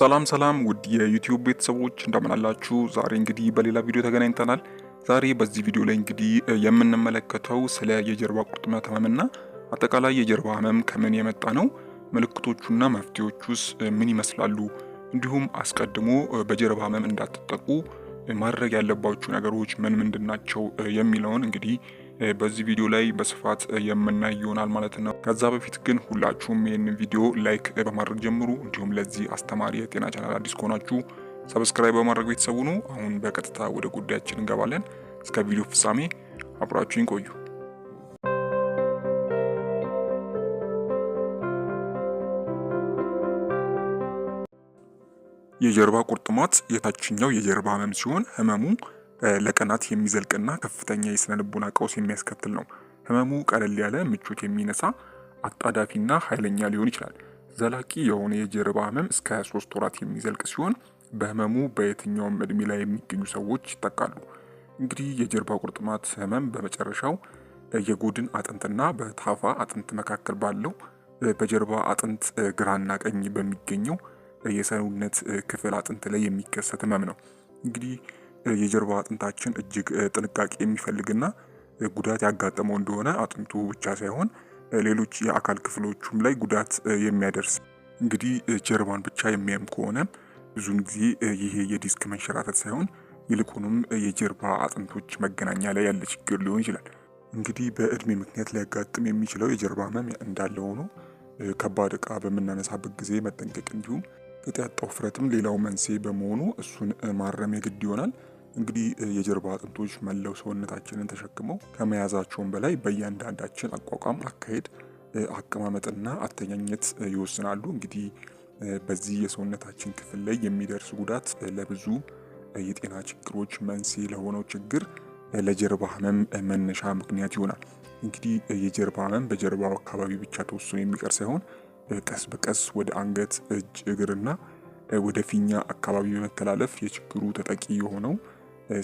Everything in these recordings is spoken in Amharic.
ሰላም ሰላም ውድ የዩቲዩብ ቤተሰቦች እንደምናላችሁ። ዛሬ እንግዲህ በሌላ ቪዲዮ ተገናኝተናል። ዛሬ በዚህ ቪዲዮ ላይ እንግዲህ የምንመለከተው ስለ የጀርባ ቁርጥመት ህመምና አጠቃላይ የጀርባ ህመም ከምን የመጣ ነው፣ ምልክቶቹና መፍትሄዎቹስ ምን ይመስላሉ፣ እንዲሁም አስቀድሞ በጀርባ ህመም እንዳትጠቁ ማድረግ ያለባችሁ ነገሮች ምን ምንድን ናቸው የሚለውን እንግዲህ በዚህ ቪዲዮ ላይ በስፋት የምናይ ይሆናል ማለት ነው። ከዛ በፊት ግን ሁላችሁም ይህንን ቪዲዮ ላይክ በማድረግ ጀምሩ። እንዲሁም ለዚህ አስተማሪ የጤና ቻናል አዲስ ከሆናችሁ ሰብስክራይብ በማድረግ ቤተሰቡ ነው። አሁን በቀጥታ ወደ ጉዳያችን እንገባለን። እስከ ቪዲዮ ፍጻሜ አብራችሁን ቆዩ። የጀርባ ቁርጥማት የታችኛው የጀርባ ህመም ሲሆን ህመሙ ለቀናት የሚዘልቅና ከፍተኛ የስነ ልቦና ቀውስ የሚያስከትል ነው። ህመሙ ቀለል ያለ ምቾት የሚነሳ አጣዳፊና ኃይለኛ ሊሆን ይችላል። ዘላቂ የሆነ የጀርባ ህመም እስከ 3 ወራት የሚዘልቅ ሲሆን በህመሙ በየትኛውም እድሜ ላይ የሚገኙ ሰዎች ይጠቃሉ። እንግዲህ የጀርባ ቁርጥማት ህመም በመጨረሻው የጎድን አጥንትና በታፋ አጥንት መካከል ባለው በጀርባ አጥንት ግራና ቀኝ በሚገኘው የሰውነት ክፍል አጥንት ላይ የሚከሰት ህመም ነው። እንግዲህ የጀርባ አጥንታችን እጅግ ጥንቃቄ የሚፈልግና ጉዳት ያጋጠመው እንደሆነ አጥንቱ ብቻ ሳይሆን ሌሎች የአካል ክፍሎቹም ላይ ጉዳት የሚያደርስ እንግዲህ ጀርባን ብቻ የሚያም ከሆነ ብዙን ጊዜ ይሄ የዲስክ መንሸራተት ሳይሆን ይልቁንም የጀርባ አጥንቶች መገናኛ ላይ ያለ ችግር ሊሆን ይችላል። እንግዲህ በእድሜ ምክንያት ሊያጋጥም የሚችለው የጀርባ ህመም እንዳለ ሆኖ ከባድ እቃ በምናነሳበት ጊዜ መጠንቀቅ እንዲሁም ቅጥ ያጣ ውፍረትም ሌላው መንስኤ በመሆኑ እሱን ማረም የግድ ይሆናል። እንግዲህ የጀርባ አጥንቶች መለው ሰውነታችንን ተሸክመው ከመያዛቸውን በላይ በእያንዳንዳችን አቋቋም፣ አካሄድ፣ አቀማመጥና አተኛኘት ይወስናሉ። እንግዲህ በዚህ የሰውነታችን ክፍል ላይ የሚደርስ ጉዳት ለብዙ የጤና ችግሮች መንስኤ ለሆነው ችግር ለጀርባ ህመም መነሻ ምክንያት ይሆናል። እንግዲህ የጀርባ ህመም በጀርባው አካባቢ ብቻ ተወስኖ የሚቀር ሳይሆን ቀስ በቀስ ወደ አንገት፣ እጅ፣ እግርና ወደ ፊኛ አካባቢ በመተላለፍ የችግሩ ተጠቂ የሆነው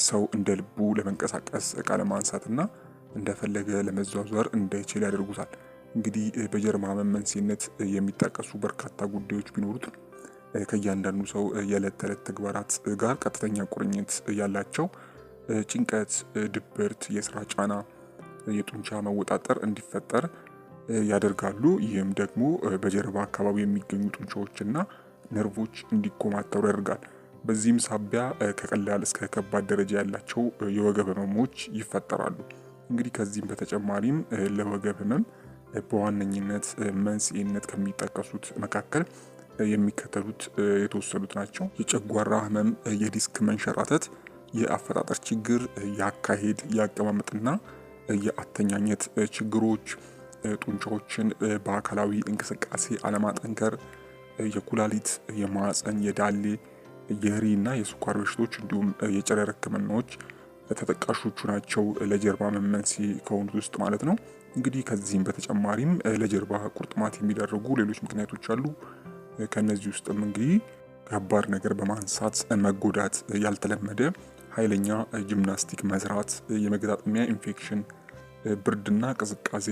ሰው እንደ ልቡ ለመንቀሳቀስ እቃ ለማንሳትና እንደፈለገ ለመዟዟር እንዳይችል ያደርጉታል። እንግዲህ በጀርባ ህመም መንስኤነት የሚጠቀሱ በርካታ ጉዳዮች ቢኖሩት ከእያንዳንዱ ሰው የዕለት ተዕለት ተግባራት ጋር ቀጥተኛ ቁርኝት ያላቸው ጭንቀት፣ ድብርት፣ የስራ ጫና፣ የጡንቻ መወጣጠር እንዲፈጠር ያደርጋሉ። ይህም ደግሞ በጀርባ አካባቢ የሚገኙ ጡንቻዎችና ነርቮች እንዲኮማተሩ ያደርጋል። በዚህም ሳቢያ ከቀላል እስከ ከባድ ደረጃ ያላቸው የወገብ ህመሞች ይፈጠራሉ። እንግዲህ ከዚህም በተጨማሪም ለወገብ ህመም በዋነኝነት መንስኤነት ከሚጠቀሱት መካከል የሚከተሉት የተወሰኑት ናቸው። የጨጓራ ህመም፣ የዲስክ መንሸራተት፣ የአፈጣጠር ችግር፣ የአካሄድ የአቀማመጥና የአተኛኘት ችግሮች፣ ጡንቻዎችን በአካላዊ እንቅስቃሴ አለማጠንከር፣ የኩላሊት፣ የማህፀን፣ የዳሌ የሪና የስኳር በሽቶች እንዲሁም የጨረር ህክምናዎች ተጠቃሾቹ ናቸው ለጀርባ መመን ከሆኑት ውስጥ ማለት ነው። እንግዲህ ከዚህም በተጨማሪም ለጀርባ ቁርጥማት የሚደረጉ ሌሎች ምክንያቶች አሉ። ከእነዚህ ውስጥም እንግዲህ ከባድ ነገር በማንሳት መጎዳት፣ ያልተለመደ ኃይለኛ ጂምናስቲክ መስራት፣ የመገጣጠሚያ ኢንፌክሽን፣ ብርድና ቅዝቃዜ፣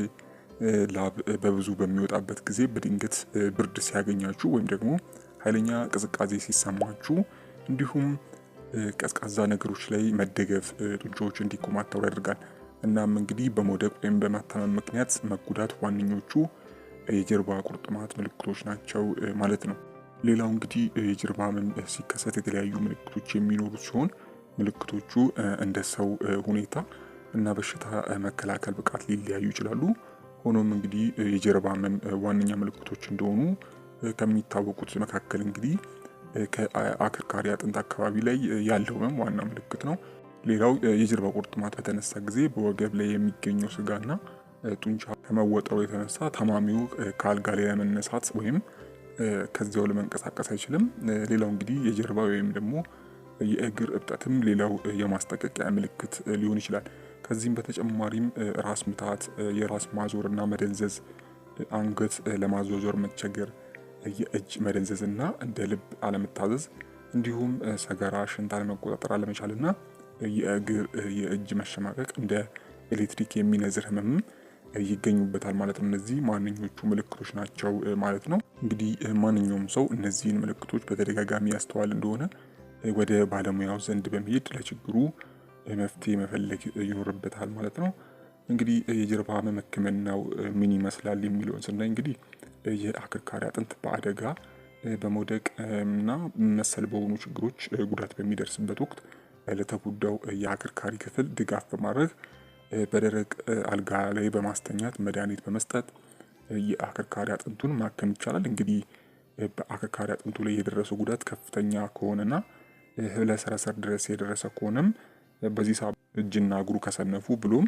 ላብ በብዙ በሚወጣበት ጊዜ በድንገት ብርድ ሲያገኛችሁ ወይም ደግሞ ኃይለኛ ቅዝቃዜ ሲሰማችሁ እንዲሁም ቀዝቃዛ ነገሮች ላይ መደገፍ ጡንቻዎች እንዲኮማተሩ ያደርጋል። እናም እንግዲህ በመውደቅ ወይም በማታመም ምክንያት መጉዳት ዋነኞቹ የጀርባ ቁርጥማት ምልክቶች ናቸው ማለት ነው። ሌላው እንግዲህ የጀርባ ህመም ሲከሰት የተለያዩ ምልክቶች የሚኖሩ ሲሆን ምልክቶቹ እንደ ሰው ሁኔታ እና በሽታ መከላከል ብቃት ሊለያዩ ይችላሉ። ሆኖም እንግዲህ የጀርባ ህመም ዋነኛ ምልክቶች እንደሆኑ ከሚታወቁት መካከል እንግዲህ ከአከርካሪ አጥንት አካባቢ ላይ ያለው ህመም ዋና ምልክት ነው። ሌላው የጀርባ ቁርጥማት በተነሳ ጊዜ በወገብ ላይ የሚገኘው ስጋና ጡንቻ ከመወጠሩ የተነሳ ታማሚው ከአልጋ ላይ ለመነሳት ወይም ከዚያው ለመንቀሳቀስ አይችልም። ሌላው እንግዲህ የጀርባ ወይም ደግሞ የእግር እብጠትም ሌላው የማስጠንቀቂያ ምልክት ሊሆን ይችላል። ከዚህም በተጨማሪም ራስ ምታት፣ የራስ ማዞር እና መደንዘዝ፣ አንገት ለማዞዞር መቸገር የእጅ መደንዘዝና እንደ ልብ አለመታዘዝ እንዲሁም ሰገራ ሽንት መቆጣጠር አለመቻልና የእግር የእጅ መሸማቀቅ እንደ ኤሌክትሪክ የሚነዝር ህመምም ይገኙበታል ማለት ነው። እነዚህ ማንኞቹ ምልክቶች ናቸው ማለት ነው። እንግዲህ ማንኛውም ሰው እነዚህን ምልክቶች በተደጋጋሚ ያስተዋል እንደሆነ ወደ ባለሙያው ዘንድ በመሄድ ለችግሩ መፍትሄ መፈለግ ይኖርበታል ማለት ነው። እንግዲህ የጀርባ ህመም ምን ይመስላል የሚለውን ስናይ እንግዲህ የአከርካሪ አጥንት በአደጋ በመውደቅ እና መሰል በሆኑ ችግሮች ጉዳት በሚደርስበት ወቅት ለተጎዳው የአከርካሪ ክፍል ድጋፍ በማድረግ በደረቅ አልጋ ላይ በማስተኛት መድኃኒት በመስጠት የአከርካሪ አጥንቱን ማከም ይቻላል። እንግዲህ በአከርካሪ አጥንቱ ላይ የደረሰው ጉዳት ከፍተኛ ከሆነና ህብለ ሰረሰር ድረስ የደረሰ ከሆነም በዚህ ሳብ እጅና እግሩ ከሰነፉ ብሎም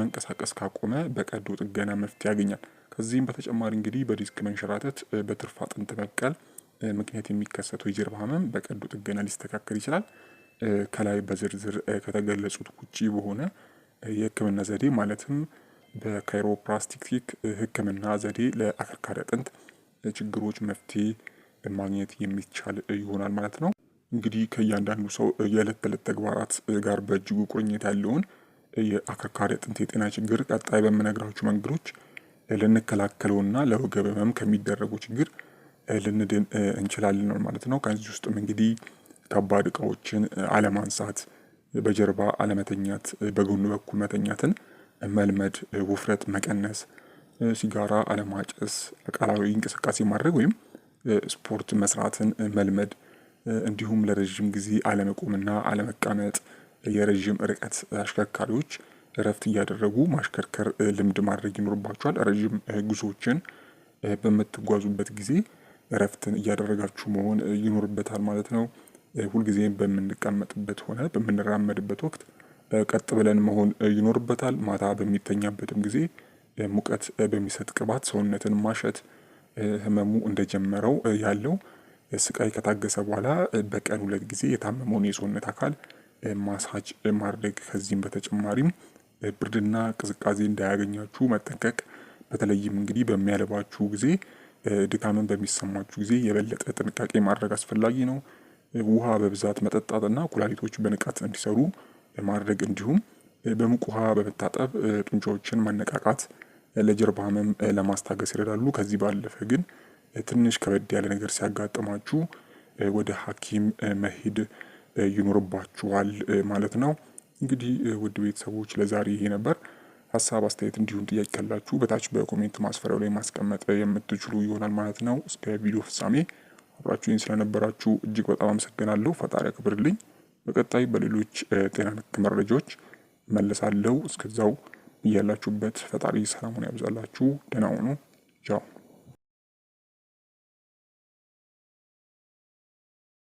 መንቀሳቀስ ካቆመ በቀዶ ጥገና መፍትሄ ያገኛል። ከዚህም በተጨማሪ እንግዲህ በዲስክ መንሸራተት፣ በትርፍ አጥንት መብቀል ምክንያት የሚከሰቱ የጀርባ ህመም በቀዶ ጥገና ሊስተካከል ይችላል። ከላይ በዝርዝር ከተገለጹት ውጪ በሆነ የህክምና ዘዴ ማለትም በካይሮፕራክቲክ ህክምና ዘዴ ለአከርካሪ አጥንት ችግሮች መፍትሄ ማግኘት የሚቻል ይሆናል ማለት ነው። እንግዲህ ከእያንዳንዱ ሰው የዕለት ተዕለት ተግባራት ጋር በእጅጉ ቁርኝት ያለውን የአከርካሪ አጥንት የጤና ችግር ቀጣይ በምነግራችሁ መንገዶች ልንከላከለውና ለወገብ ህመም ከሚደረጉ ችግር ልንድን እንችላለን ነው ማለት ነው። ከዚህ ውስጥም እንግዲህ ከባድ እቃዎችን አለማንሳት፣ በጀርባ አለመተኛት፣ በጎን በኩል መተኛትን መልመድ፣ ውፍረት መቀነስ፣ ሲጋራ አለማጨስ፣ አካላዊ እንቅስቃሴ ማድረግ ወይም ስፖርት መስራትን መልመድ እንዲሁም ለረዥም ጊዜ አለመቆምና አለመቀመጥ፣ የረዥም ርቀት አሽከርካሪዎች እረፍት እያደረጉ ማሽከርከር ልምድ ማድረግ ይኖርባችኋል። ረዥም ጉዞዎችን በምትጓዙበት ጊዜ እረፍትን እያደረጋችሁ መሆን ይኖርበታል ማለት ነው። ሁልጊዜም በምንቀመጥበት ሆነ በምንራመድበት ወቅት ቀጥ ብለን መሆን ይኖርበታል። ማታ በሚተኛበትም ጊዜ ሙቀት በሚሰጥ ቅባት ሰውነትን ማሸት ህመሙ እንደጀመረው ያለው ስቃይ ከታገሰ በኋላ በቀን ሁለት ጊዜ የታመመውን የሰውነት አካል ማሳጅ ማድረግ ከዚህም በተጨማሪም ብርድና ቅዝቃዜ እንዳያገኛችሁ መጠንቀቅ፣ በተለይም እንግዲህ በሚያለባችሁ ጊዜ ድካምን በሚሰማችሁ ጊዜ የበለጠ ጥንቃቄ ማድረግ አስፈላጊ ነው። ውሃ በብዛት መጠጣትና ኩላሊቶች በንቃት እንዲሰሩ ማድረግ እንዲሁም በሙቅ ውሃ በመታጠብ ጡንቻዎችን ማነቃቃት ለጀርባ ህመም ለማስታገስ ይረዳሉ። ከዚህ ባለፈ ግን ትንሽ ከበድ ያለ ነገር ሲያጋጥማችሁ ወደ ሐኪም መሄድ ይኖርባችኋል ማለት ነው። እንግዲህ ውድ ቤተሰቦች ለዛሬ ይሄ ነበር። ሀሳብ አስተያየት፣ እንዲሁም ጥያቄ ካላችሁ በታች በኮሜንት ማስፈሪያው ላይ ማስቀመጥ የምትችሉ ይሆናል ማለት ነው። እስከ ቪዲዮ ፍጻሜ አብራችሁኝ ስለነበራችሁ እጅግ በጣም አመሰግናለሁ። ፈጣሪ አክብርልኝ። በቀጣይ በሌሎች ጤና ነክ መረጃዎች መለሳለሁ። እስከዛው እያላችሁበት ፈጣሪ ሰላሙን ያብዛላችሁ። ደህና ሁኑ። ቻው